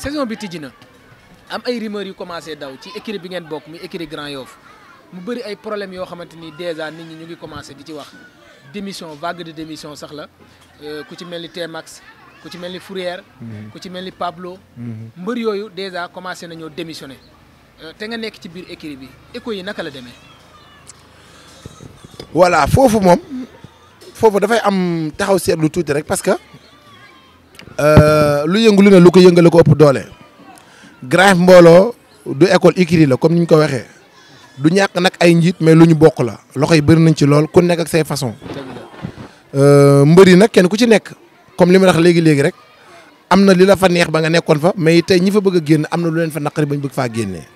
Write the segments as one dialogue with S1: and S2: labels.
S1: saison bi tijji na am ay rumeurs yu commencé daw ci écurie bi ngeen bokk mu écurie Grand Yoff mu bëri ay problèmes yoo xamante ni déjà nit ñi ñu ngi commencé di ci wax démission vague de démission sax la euh, ku ci mel ni T-Max ku ci mel ni Fourière. Mhm. ku ci mel ni Pablo. Mhm. mbër yooyu déjà commencé nañoo démissionné euh, te nga nekk ci biir écurie bi écho yi naka la demee.
S2: voilà foofu moom foofu dafay am taxaw lu tuuti rek parce que. Euh, lu yëngu lu ne lu ko yëngale ko ëpp doole Grand mbooloo du école écurie la comme ni ñu ko waxee du ñàkk nag ay njiit mais lu ñu bokk la loxo yi bëri nañ ci lool ku nekk ak say façon euh, mbër yi nag kenn ku ci nekk comme li ma wax léegi léegi rek am na li la fa neex ba nga nekkoon fa mais tey ñi fa bëgg génn am na lu leen fa naqari ba ñu bëgg faa génnee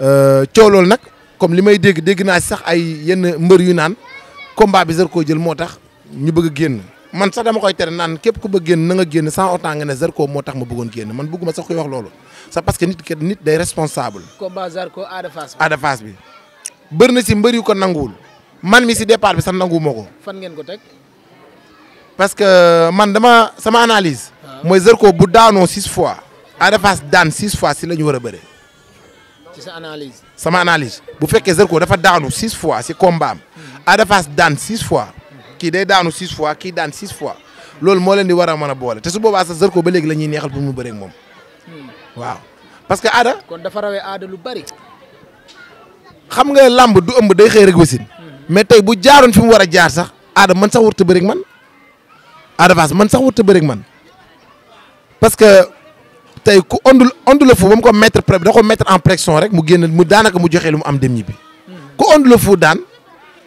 S2: euh, coow loolu nag comme li may dégg dégg naa sax ay yenn mbër yu naan combat bi Zarko jël moo tax ñu bëgg génn. man sax dama koy tere naan képp ku bëgg génn na nga génn sans autant nga ne Zarko moo tax ma bëggoon génn man bëgguma sax koy wax loolu c'est parce que nit ki nit day responsable.
S1: combat Zarko bi. Ada
S2: bëri na si mbër yu ko nanguwul man mi si départ bi sax nanguwuma ko. fan ngeen ko teg. parce que euh, man dama sama analyse. Ah. mooy Zarko bu daanoo six fois. Ada Fass daan six fois si la ñu war a bëree.
S1: ci sa analyse.
S2: sama analyse bu fekkee Zarko dafa daanu six fois si combat am. Hmm. Ada Fass daan six fois. kii day daanu six fois kii daan six fois loolu moo leen di war a a boole te su boobaa sax Zarko ba léegi la ñuy neexal pour mu bëreeg moom hmm. waaw parce que aada. kon dafa rawee aada lu bari. xam nga làmb du ëmb day xëy rek wasin hmm. mais tey bu jaaroon fi mu war a jaar sax aada man sax warut a bëreeg man aada man sax warut a bëreeg man parce que tey ku ondul ondul la fu ba mu ko mettre pré da ko mettre en pression rek mu génn mu daanaka mu joxe li mu am dem ñibbi hmm. ku ondul la fu daan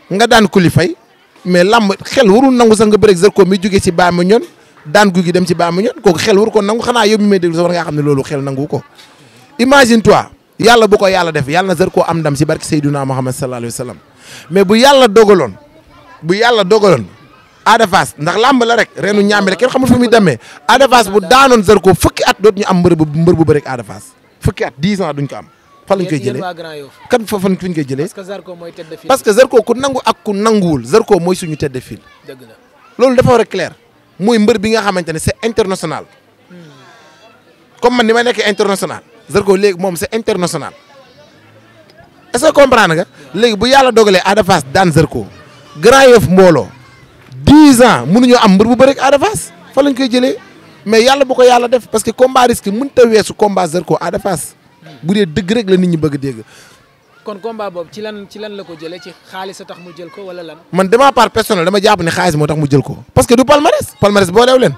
S2: nga daan kulifay mais lamb xel warul nangu sax nga bëreeg Zarko mi jógee si baa ma ñoon daan guy gi dem si baa ma ñoon kooku xel waru ko nangu xanaa yow mi may déglu sax war ngaa xam ne loolu xel nangu ko imagine toi yàlla bu ko yàlla def yàlla na Zarko am dam si barke Seydina Muhammad sallallahu alayhi wa sallam mais bu yàlla dogaloon bu yàlla dogaloon Ada Fass ndax làmb la rek reenu ñaami rek kenn xamul fu muy demee Ada bu daanoon Zarko fukki at dootuñu am mbër bu mbër bu bëreeg Ada Fass fukki at 10 ans duñ ko am fan lañ koy jëlee
S1: kan fa fan lañ koy jëlee parce que Zarko
S2: ku nangu ak ku nanguwul Zarko mooy suñu tête loolu dafa war a mbër bi nga xamante ne c'est international hmm. comme man ni ma nekk international Zarko léegi moom c'est international est-ce que comprendre nga léegi bu yàlla dogalee Ada Fass daan Zarko Grand Yoff mbooloo dix ans mënuñoo am mbër bu bëri ak Ada koy jëlee mais yàlla bu ko yàlla def parce que combat risque mënut a weesu combat Zarko Ada Fass bu dee dëgg rek la nit ñi bëgg dégg.
S1: kon combat boobu ci lan ci lan la ko jëlee ci xaalis a tax mu jël ko wala lan.
S2: man de ma part personnel dama jàpp ne xaalis moo tax mu jël ko parce que du palmarès palmarès boo leew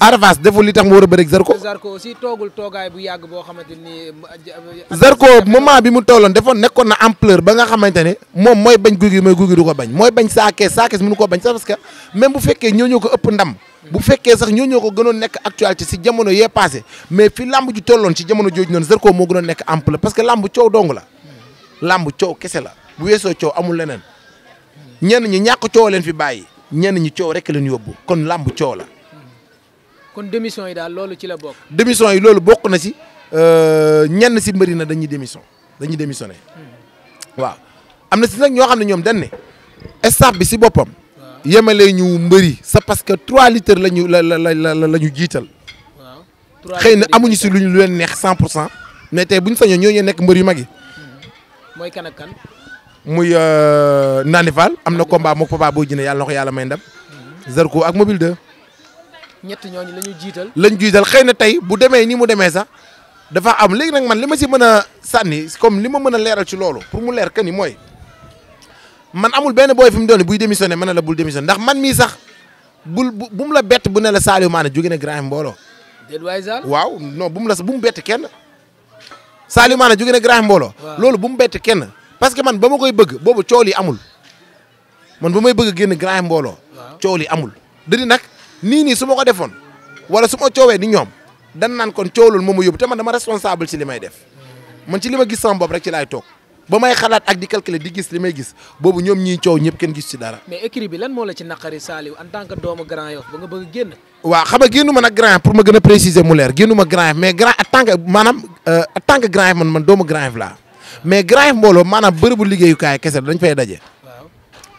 S2: Arafas defoo li tax mu war a bëri ak Zarko.
S1: Zarko aussi toogul toogaay bu yàgg boo xamante ni. Euh,
S2: Zarko moment bi mu tolloon defoon nekkoon na ampleur ba nga xamante ne moom mooy bañ guy gi mooy guy gi du ko bañ mooy bañ saa kees saa kees bañ sax parce que même bu fekkee ñoo ñoo ko ëpp ndam. bu fekkee sax ñoo ñoo ko gënoon nekk actualité ci jamono yee passé mais fi làmb ji tolloon ci jamono jooju noonu Zarko moo gënoon nekk ampleur parce que làmb coow dong la. làmb coow kese la bu weesoo coow amul leneen ñenn ñi ñàkk coow leen fi bàyyi ñenn ñi coow rek leen yóbbu kon làmb coow la
S1: kon démission yi daal loolu ci la bokk.
S2: démission yi loolu bokk na si euh, ñenn si mbëri na dañuy démission dañuy démissionné hmm. waaw am na si nag ñoo xam ne ñoom dañ ne staff bi si boppam. yemale ñu mbëri sa parce que 3 litres la ñu la la la la ñu jiital. waaw xëy na amuñu si lu ñu leen neex 100 pour cent mais tey buñ ñu sañoon ñoo ñoo nekk mbër yu mag yi.
S1: Hmm. mooy kan ak kan.
S2: muy euh, Nani Fall am na combat mook Papa Boy Djiné yàlla na ko yàlla may ndam. Hmm. Zarko ak Mobile 2.
S1: ñett ñooñu la ñu jiital.
S2: la jiital xëy na tey bu demee ni mu demee sax dafa am léegi nag man li ma si mën a sànni comme li ma mën a leeral ci loolu pour mu leer que ni mooy man amul benn booy fi mu doon buy démissionné mën na la bul démissionné ndax man mii sax bul bu bu mu la bett bu ne jóge na Grand mbooloo. déedéet waay waaw non bu mu la bu mu bett kenn Saliou Mané jóge na Grand Yoff mbooloo. loolu bu mu bett kenn parce que man ba ma koy bëgg boobu coow li amul man ba may bëgg a génn Grand Yoff mbooloo. coow li amul dëgg nag. nii nii su ma ko defoon wala su ma coowee ni ñoom dan naan kon coow loolu moom ma yóbbu te man dama responsable ci may def man ci li ma gis sama bopp rek ci laay toog ba may xalaat ak di calculer di gis li may gis boobu ñoom ñii coow ñëpp kenn gis ci dara.
S1: mais écrit bi lan moo la ci naqari Saliou en tant que doomu Grand Yoff ba nga bëgg génn.
S2: waaw xam nga génnu ma nag a préciser mu leer génnu ma Grand Yoff mais Grand en tant que maanaam euh, en tant liggéeyukaay kese dañ fay daje.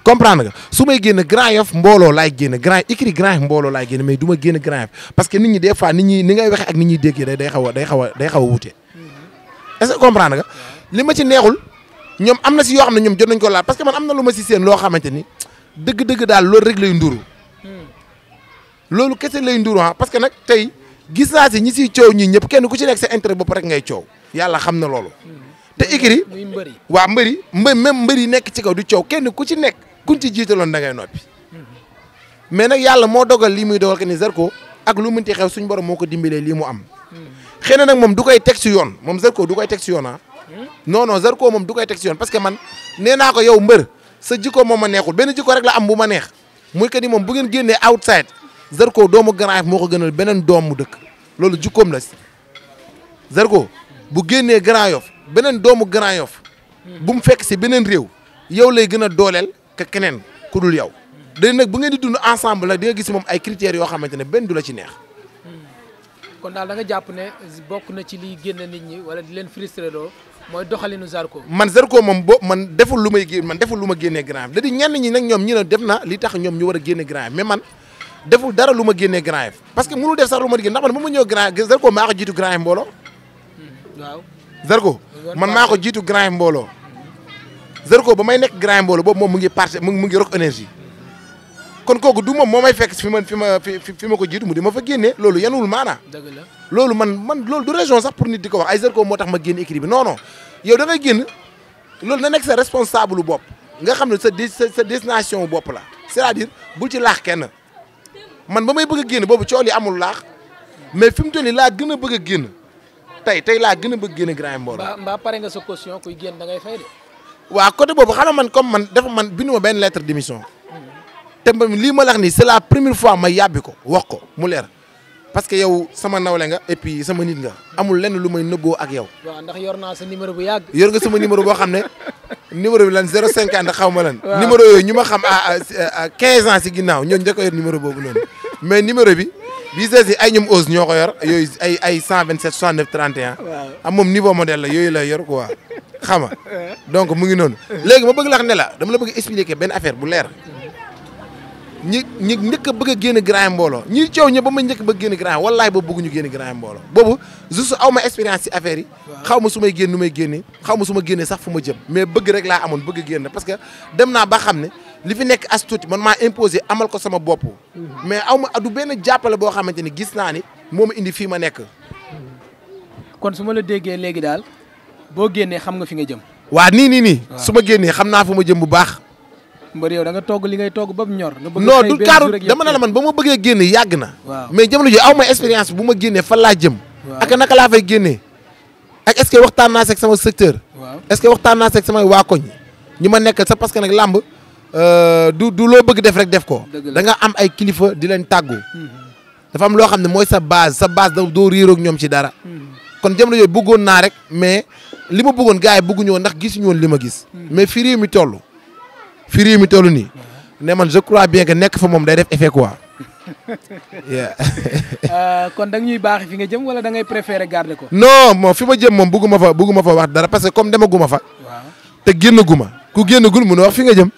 S2: comprendre nga su may génn Grand Yoff mbooloo laay génn grand écrit Grand Yoff mbooloo laay génn mais du ma génn Grand Yoff parce que nit ñi des fois nit ñi ni ak nit ñuy déggee day a day xaw a day xaw wute mm-hmm. est comprendre nga li ma ci neexul ñoom am na si yoo xam ne ñoom jot nañ ko laal parce que man am na lu ma si seen loo xamante ni dëgg-dëgg daal loolu rek lay nduru mm. loolu kese lay nduru ah parce que nag tey gis naa si ñi si coow ñii ñëpp kenn ku ci nekk sa intérêt bopp rek ngay coow yàlla xam na loolu mm. te écrit waa mbëri mbë même nekk ci kaw di coow kenn ku ci nekk kuñ ci jiitaloon da ngay noppi mais nag yàlla moo dogal lii muy dogal que ni Zarko ak lu mënti xew suñ borom moo ko dimbalee lii mu am xëy na nag moom du koy teg si yoon moom Zarko du koy teg si yoon ah non non moom du koy teg si yoon parce que man nee naa ko yow mbër sa jikko moom ma neexul benn jikko rek am bu ma neex muy que ni moom bu ngeen génnee outside Zarko doomu Grand moo ko gënal beneen doom mu dëkk loolu jikkoom la si sarko bu génnee Grand yof beneen doomu Grand Yoff bu mu fekk si beneen réew yow lay gën a dooleel que keneen ku dul yow. léegi nag bu ngeen di dund ensemble nag di nga gis moom ay critères yoo xamante ne benn du la ci neex. Hmm.
S1: kon daal danga jàpp ne bokk na ci liy génne nit ñi wala di leen frustré loo mooy doxalinu Zarko. man Zarko moom
S2: boo man deful lu may gén man deful lu ma génnee Grand Yoff da di ñenn ñi nag ñoom ñu ne def na li tax ñoom ñu war a génne Grand Yoff man deful dara lu ma génnee Grand parce que mënul def sax lu ma génne ndax man bu ma ñëw Grand Yoff maa ko jiitu Grand Yoff mbooloo. Hmm. waaw ko jiitu Grand mbooloo. Zarko ba may nekk grand mbooloo boobu moom mu ngi parti mu ngi kon kooku du moom moo may fekk fi ma fi ma fi ma ko jiitu mu di ma fa génnee loolu yanuwul maanaa dëgg la loolu man man loolu du raison sax pour nit di ko wax ay Zarko moo tax ma génn écrit bi non non yow da ngay génn loolu na nekk sa responsable bopp nga xam ne sa sa destination bopp la c'est-à-dire bul ci laax kenn man ba may bëgg a génn boobu coow li amul laax mais fi mu toll laa gën a bëgg a génn tey tey laa gën a bëgg génn grand mbooloo.
S1: mbaa pare nga sa caution kuy génn da
S2: waaw côté boobu xam man comme man dafa man bindu benn lettre d'émission te lii ma lax nii c'est la première fois ma yàbbi ko wax ko mu leer parce que yow sama nawle nga et puis sama nit nga amul lenn lu may nëbboo ak yow.
S1: waaw ndax yor naa sa numéro bu yàgg. yor nga sama numéro
S2: boo xam ne numéro bi lan 050 xaw ma lan. numéro yooyu ma xam à 15 ans si ginnaaw ñooñu njëkk a yor numéro boobu noonu mais numéro bi. bii ay ñoom ose ñoo ko yor yooyu ay ay 127 69 31. waaw am ah, moom niveau modèle la yooyu la yor quoi. xam nga donc mu ngi noonu. léegi ma bëgg la xam ne la dama la bëgg expliquer benn affaire bu leer ñi ñi njëkk a bëgg a génn grand mbooloo ñi coow ñëpp ba ma njëkk ba génn grand wallaay boobu bëgguñu génn grand mbooloo boobu juste aw ma expérience ci affaire yi. xaw ma su may génn nu may génne xaw ma suma ma génnee sax fu ma jëm mais bëgg rek laa amoon bëgg génn parce que dem naa ba xam ne li fi nekk as tuuti man maa imposé amal ko sama bopp. Mhm. mais aw ma du benn jàppale boo xamante ni gis naa ni moo ma indi fii ma nekk.
S1: kon su ma la déggee léegi daal boo génnee xam nga fi nga jëm.
S2: waa nii nii nii. suma ma génnee xam naa fu ma jëm bu baax.
S1: mbër yow da nga li ngay togg ba mu ñor. nga bëgg non du kaaru dama
S2: ne la man ba ma bëggee génne yàgg na. mais jamono ji aw ma expérience bu ma génnee fan laa jëm. ak naka laa fay génnee. ak est waxtaan naa seeg sama secteur. est que waxtaan naa seeg samay waa koñ ñu ma nekkal sa parce que nag làmb euh, du du loo bëgg def rek def ko. da nga am ay kilifa di leen tàggu. Mm-hmm. dafa am loo xam ne mooy sa base sa base doo réeroog ñoom si dara. Mm-hmm. kon jamono naa rek mais li ma bëggoon gars yi bëgguñu woon ndax gisuñu woon li ma gis. mais fi réew mi toll. fi nii. ne man je crois bien que nekk fa moom day def effet quoi.
S1: Euh, kon da ñuy baax fi nga jëm wala da ngay préférer garder ko.
S2: non moom fi ma jëm moom bëgguma fa bëgguma fa wax dara parce que comme demaguma fa. te génnaguma ku génnagul mun a wax fi nga jëm.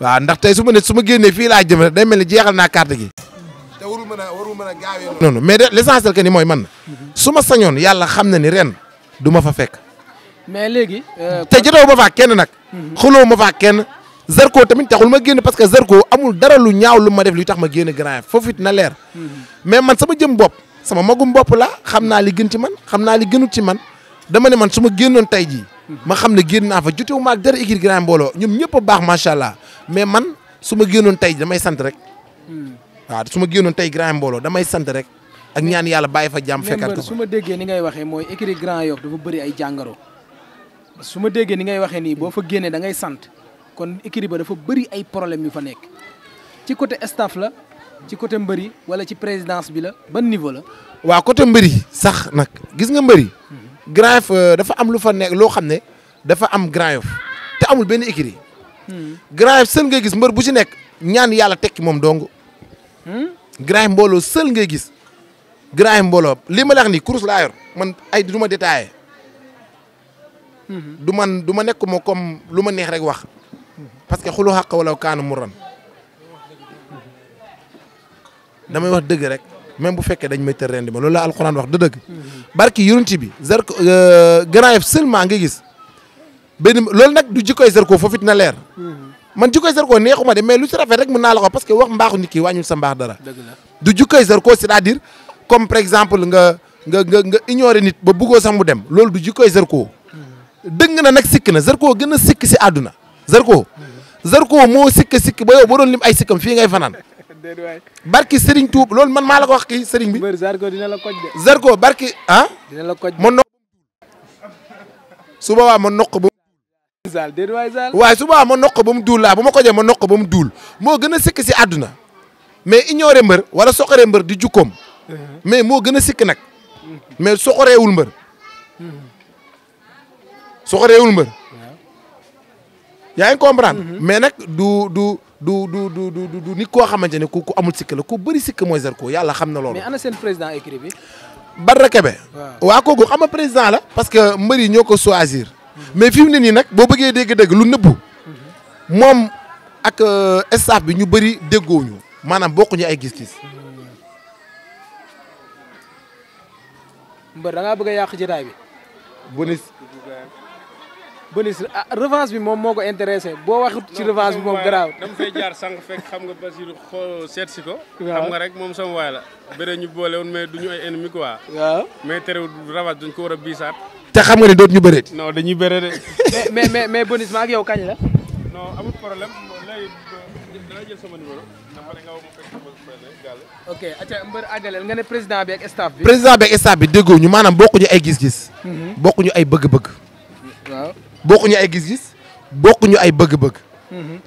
S2: waaw ndax tey su ma ne su ma génnee fii laa jëm rek day mel ni jeexal naa carte gi. te warul mën a warul mën a gaawee noonu mais de l' essentiel que ni mooy man. Mhm. su ma sañoon yàlla xam na ni ren du fa fekk.
S1: mais léegi. Euh,
S2: te jotawu ma faa kenn nag. Mhm. xuloo ma faa kenn. Zarko tamit taxul ma génn parce que Zarko amul dara lu ñaaw lu ma def li tax ma génn grand foofu it na leer. Mhm. mais man sama jëm bopp sama magum la xam naa li gën ci man xam naa li gënut ci man dama ne man su ma génnoon tey jii. Mhm. ma xam ne génn naa fa jotewu wu ak dara équipe grand mbooloo ñoom ñëpp a baax macha allah mais man su ma génnoon tey damay sant rek. Hmm. waaw su ma génnoon tey grand mbooloo damay sant rek. ak ñaan yàlla bàyyi fa jàmm fekkaat ko su
S1: ma déggee ni ngay waxee mooy écurie Grand Yoff dafa bëri ay jàngoro. su ma déggee ni ngay waxee nii boo fa génnee da ngay sant kon écurie ba dafa bëri ay problème yu fa nekk ci côté staff la
S2: ci côté mbëri wala ci présidence bi la ban niveau la. waaw côté mbëri sax nag gis nga mbëri. Mhm. Grand Yoff euh, dafa am lu fa nekk loo xam ne dafa am Grand Yoff te amul benn écurie. Hmm. Grand Yoff sën ngay gis mbër bu ci nekk ñaan yàlla tekki moom dong. Hmm? Grand Yoff mbooloo sël ngay gis. Grand Yoff mbooloo li ma la wax nii course man ay du ma du man du ma nekk ma comme lu ma neex rek wax parce que xulu xàq wala kaanu mu ran damay wax dëgg rek même bu fekkee dañ may tër rendi ma loolu la alxuraan wax du dëgg barki yurunti bi Zarko euh, Grand Yoff seulement ngi gis benn loolu nag du jikkoy Zarko foofu it na leer man jikkoy Zarko neexuma de mais lu ci rafet rek mën naa la ko parce que wax mbaaxu nit ki wàññul sa mbaax dara du jikkoy Zarko c'est-à-dire comme par exemple nga nga nga nit ba buggoo sax mu dem loolu du jikkoy Zarko dëng na nag sikk na Zarko gën a sikk si àdduna Zarko Zarko moo sikk sikk ba yow ba doon lim ay sikkam fii ngay fanaan barki Serigne Touba lool man maa la ko wax kii Serigne bi Zarko dina la koj de Zarko barki ah dina la koj ma noq su boobaa ma noq ba waaye su boobaa ma noq ba mu duul laa bu ma kojee ma noq ba mu duul moo gën a sikk si àdduna mais ignoré mbër wala soxoree mbër di jukkoom uh-huh. mais moo gën a sikk nag mais soxoreewul mbër soxoreewul mbër. yaa ngi comprendre. Mm-hmm. mais nag du du du du du du du nit koo xamante ne ku amul sikk la ku bëri sikk mooy ko yàlla xam na loolu. mais
S1: ana seen bi.
S2: Badara Kebe. waa kooku xam nga président la. parce que mbër yi ñoo ko soisir mm-hmm. mais fi mu ne nii nag boo bëggee dégg-dégg lu nëbbu. Mm-hmm. moom ak euh, staff bi ñu bëri déggoo ñu maanaam bokkuñu ay gis-gis.
S1: mbër bëgg a yàq jotaay bi. bënis ah, revanche bi moom moo ko intéressé boo waxut ci revanche bi moom garaaw dama fay jaar sànq fekk xam nga Basiru xool seet si ko xam nga rek moom sama waay la bëre ñu boole woon mais du ñu ay ennemi quoi waaw mais terewul revanche dañ ko war a biisaat
S2: te xam nga ne dootuñu bëreet non dañuy bëre de
S1: mais mais mais bënis ma ak yow kañ la non amul problème léegi da nga jël sama numéro ok aca mbër àggaleel nga ne président bi ak staff bi président bi ak staff
S2: bi déggoo ñu maanaam bokkuñu ay gis-gis mhm. bokkuñu ay bëgg-bëgg bokkuñu ay gis-gis bokkuñu ay bëgg-bëgg.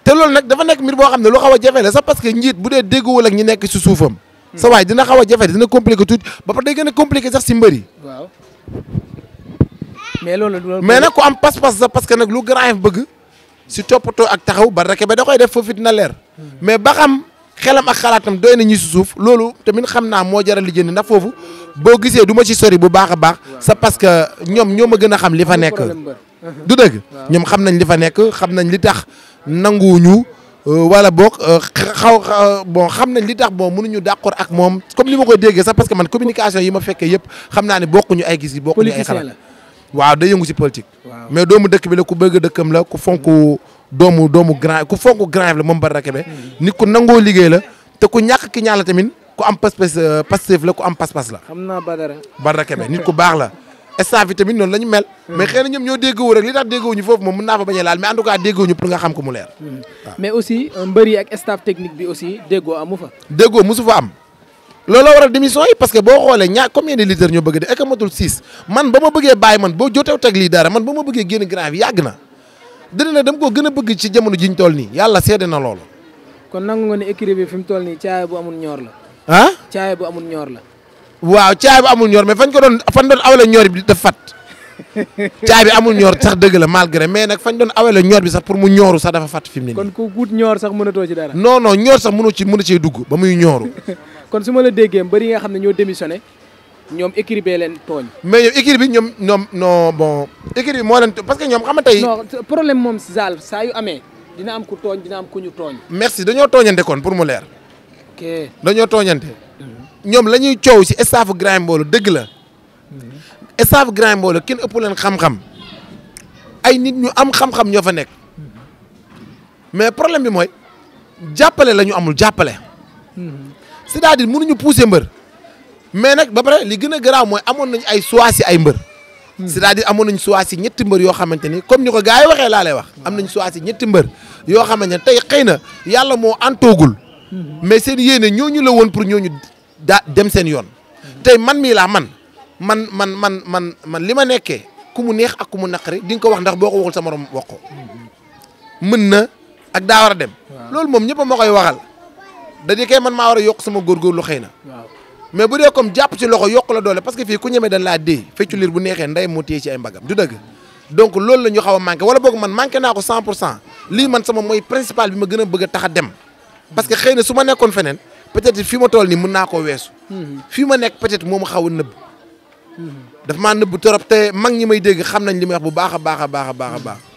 S2: te loolu nag dafa nekk mbir boo xam ne lu xaw a jafe la sax que njiit bu dee dégguwul ak ñi nekk si suufam. Hmm. sa waay dina xaw a jafe dina compliqué tuuti ba pare day gën sax si mbër yi.
S1: mais loolu mais nag ku am
S2: pas-pas sax parce que nag lu Grand bëgg si toppatoo ak taxaw ba rek ba da koy def foofu dina leer. Hmm. mais ba xam xelam ak xalaatam doy na ñi si suuf loolu tamit xam naa moo jaral lijjanti ndax foofu boo gisee du ma ci sori bu baax a baax. sa parce que ñoom ñoom a gën a xam li fa nekk. du dëgg ñoom xam nañ li fa nekk xam nañ li tax nanguwuñu euh, wala boog euh, xaw bon xam nañ li tax bon mënuñu d'accord ak moom comme li ma koy déggee parce que man communication yi ma fekkee yëpp xam naa ne bokkuñu ay gis yi bokkuñu ay xalaat waaw day yëngu ci politique mais doomu dëkk bi la ku bëgg dëkkam la ku fonk doomu doomu grand ku fonk grand la moom Badara Kebe hmm. nit ku nangoo liggéey la te ku ñàkk ki ñaar la tamit ku am pas-pas euh, Pastef la ku am pas-pas la xam naa Badara Badara Kebe nit ku baax la staff yi tamit noonu la ñu mel. Hmm. mais xëy na ñoo déggoo rek li a laal mais en tout cas hmm.
S1: euh,
S2: déggoo am. looloo waral démission yi parce que xoolee ñaa combien de leaders ñoo bëgg de ak matul six man ba ma bëggee bàyyi man boo jotew teg lii dara man ba ma bëggee génn grand bi yàgg na dina ne dama koo gën a bëgg ci jamono jiñ tool nii yàlla seede na loolu
S1: kon nangu nga ne écurie bi fi mu toll nii caay bu amul ñoor la ah caay bu amul ñoor la
S2: waaw caay bi amul ñor mais fañ ko doon fañ doon awale ñor bi daf fat caay bi amul ñor sax dëgg la malgré mais nag fañ doon awale ñor bi sax pour mu ñooru sax dafa fat fi mu ne kon
S1: ku guut ñoor sax mënatoo ci dara.
S2: no non ñoor sax mënu ci mënu cee dugg ba muy ñooru.
S1: kon su ma la déggee mbëri nga xam ne ñoo démissionné ñoom équipe bee leen tooñ.
S2: mais ñoom bi ñoom ñoom non bon
S1: équipe moo leen parce que ñoom xam nga tey. non problème moom zaal saa amee dina am ku tooñ dina am ku ñu tooñ.
S2: merci dañoo tooñante kon pour mu leer. dañoo tooñante. ñoom la ñuy coow ci staff Grand Mbolo dëgg la mm-hmm. staff Grand Mbolo kenn ëpp leen xam-xam ay nit ñu am xam-xam ñoo fa nekk mais problème bi mooy jàppale lañu amul jàppale. Mm-hmm. c'est-à-dire mënuñu pousser mbër mais nag ba pare li gën a garaaw mooy amoon nañu ay choix ci ay mbër. Mm-hmm. cest à amoon nañu choix yi ñetti mbër yoo xamante ni comme ñu ko gaa yi waxee laa wax. am nañu choix ci ñetti mbër yoo xamante ne tey xëy na yàlla moo antoogul. mais seen yéene ñooñu la woon pour ñooñu daa dem seen yoon tey man mii laa man man man man man man li ma nekkee ku mu neex ak ku mu naqari di nga ko wax ndax boo ko waxul sa morom wax ko mën na ak daa war a dem loolu moom ñëpp a koy waxal da di kay man maa war a yokk sama góorgóorlu xëy na mais bu dee comme jàpp ci loxo yokk la doole parce que fii ku ñemee dañ laa dee feccu liir bu neexee nday moo téye ci ay mbagam du dëgg donc loolu la ñu xaw a manqué wala boog man manqué naa ko cent pour cent lii man sama mooy principal bi ma a bëgg tax a parce que xëy na su ma nekkoon feneen peut-être fi ma toll nii mën naa ko weesu. Mhm. fii ma nekk peut-être moo ma xaw a nëbb. Mhm. dafa maa nëbb torop te mag ñi may dégg xam nañ li may wax bu baax a baax a baax a baax a baax.